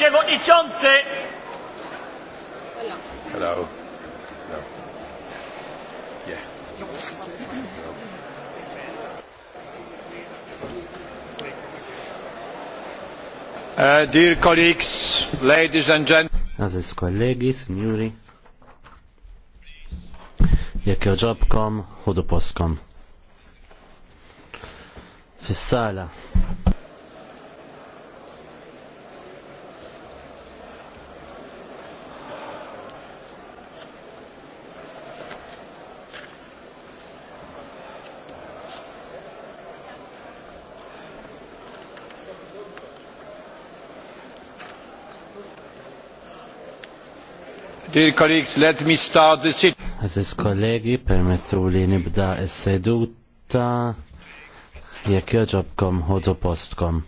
Przewodniczący! Hello. Hello. Yeah. Uh, dear colleagues, ladies and gentlemen. Aziz kollegi, signori. Jekk joġobkom, hudu poskom. Fissala, Dear colleagues, let me start the sit. Aziz kollegi, permettu li nibda s-seduta jek joġobkom ħodu postkom.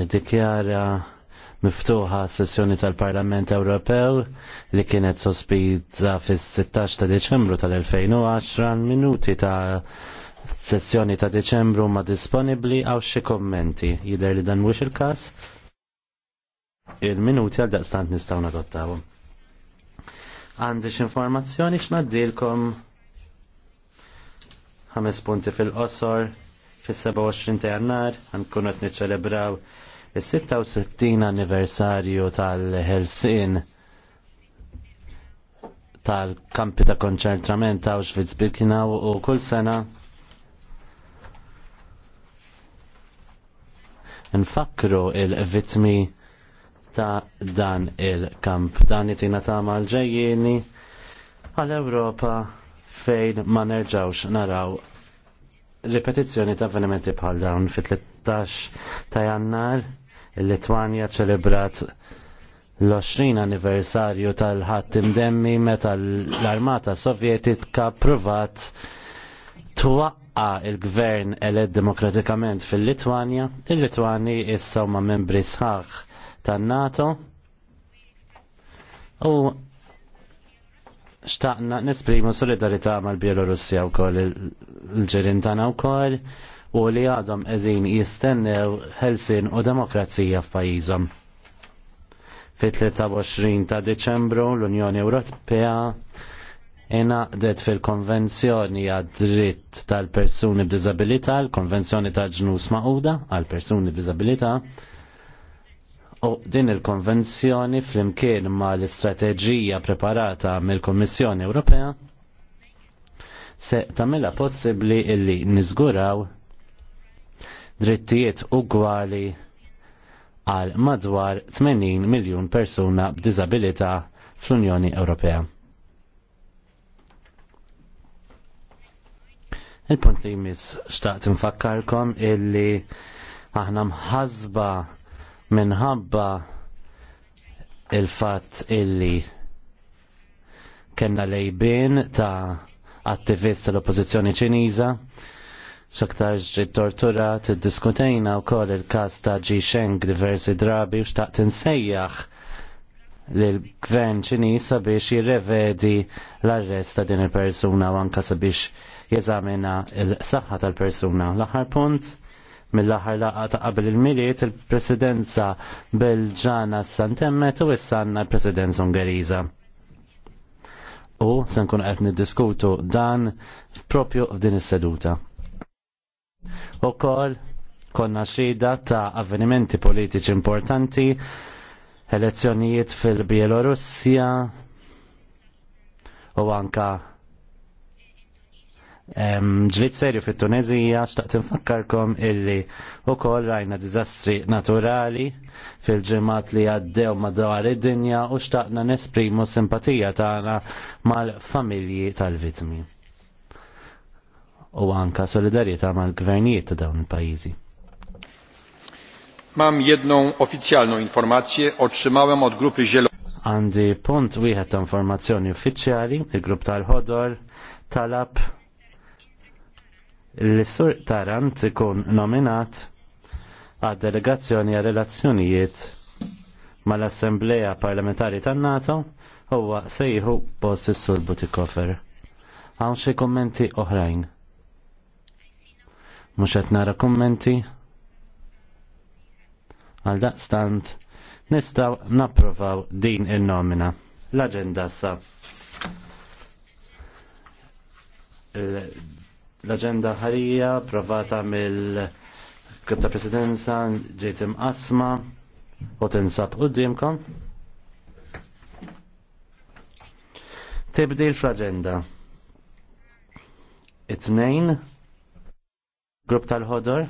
Nidikjara miftuħa sessjoni tal-Parlament Ewropew li kienet sospita fis-16 ta' Deċembru tal-2010 minuti ta' sessjoni ta' Deċembru ma disponibli għaw xi kommenti. Jider li dan mux il-każ. Il-minuti għal daqstant nistgħu nadottaw. Għandix informazzjoni x'naddilkom ħames punti fil-qosor fil 27 ta' jannar nkunu qed niċċelebraw is-66 anniversarju tal-Helsin tal-kampi ta' konċentrament ta' Auschwitz-Birkenau u kull sena nfakru il-vitmi ta' dan il-kamp. Dan jitina ta' l ġejjini għal-Europa fejn ma nerġawx naraw ripetizzjoni ta' avvenimenti bħal dawn fit-13 ta' jannar il-Litwanja ċelebrat l-20 anniversarju tal-ħadd imdemmi meta l-Armata Sovjetika provat twaqqa il-gvern eled demokratikament fil-Litwanja, il-Litwani issa huma membri sħaħ tan-NATO u xtaqna nesprimu solidarità mal-Bielorussja wkoll il-ġirin tagħna wkoll u li għadhom qegħdin jistennew ħelsin u demokrazija f'pajjiżhom. Fit-23 ta' Deċembru l-Unjoni Ewropea inaqdet fil-konvenzjoni għad-dritt tal-persuni b'dizabilità, l-konvenzjoni tal-ġnus maquda għal-persuni b'dizabilità, u din il-konvenzjoni flimkien ma l-istrateġija preparata mill-Kommissjoni Ewropea se tamilla possibli illi nizguraw drittijiet ugwali għal madwar 80 miljon persuna b'dizabilità fl-Unjoni Ewropea. Il-punt li jmiss xtaqt nfakkarkom illi aħna mħazba minħabba il-fat illi kena lejbin ta' attivist tal-oppozizjoni ċiniża xaktar tortura t-diskutejna u kol il-kas ta' Ji Sheng diversi drabi u xtaqt nsejjaħ l-gvern ċiniża biex jirrevedi l-arrest ta' din il-persuna u anka sabiex jeżamina il-saħħa tal-persuna. L-aħħar punt mill-aħħar laqgħa ta' qabel il-miliet il-presidenza Belġana s-santemmet u s-sanna presidenza Ungeriża. U se nkun qed niddiskutu dan propju f'din is-seduta. Ukoll konna xhida ta' avvenimenti politiċi importanti, elezzjonijiet fil-Bielorussja u anka ġlit serju fit tunezija xtaqt nfakkarkom illi u koll rajna dizastri naturali fil-ġemat li għaddew madwar id-dinja u xtaqna nesprimu simpatija tagħna mal-familji tal-vitmi. U anka solidarieta mal-gvernijiet ta' dawn il-pajjiżi. Mam jedną oficjalną informację otrzymałem od grupy Zielonej. Għandi punt wieħed ta' informazzjoni uffiċjali, il-grupp tal-ħodor talab l-sur Tarant ikun nominat għad delegazzjoni għal relazzjonijiet mal-Assembleja Parlamentari tan-NATO huwa sejħu post is-sur Butikofer. Għawn xi kummenti oħrajn. Mhux qed nara kummenti għal daqstant nistaw napprovaw din il-nomina. L-agenda sa l-agenda ħarija provata mill kripta presidenza ġejtim asma u tinsab u dimkom. Tibdil fl-agenda. It-tnejn, grupp tal-ħodor,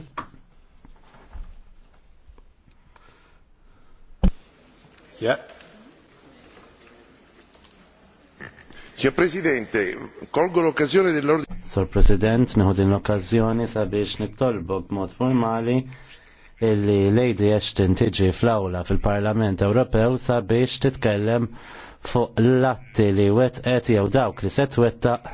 Yeah. Signor Presidente, colgo l'occasione dell'ordine Sur President, neħu din l-okkażjoni sabiex nittolbu b'mod formali illi Lady Ashton tiġi fl-awla fil-Parlament Ewropew sabiex titkellem fuq l-atti li wetqet jew dawk li se twettaq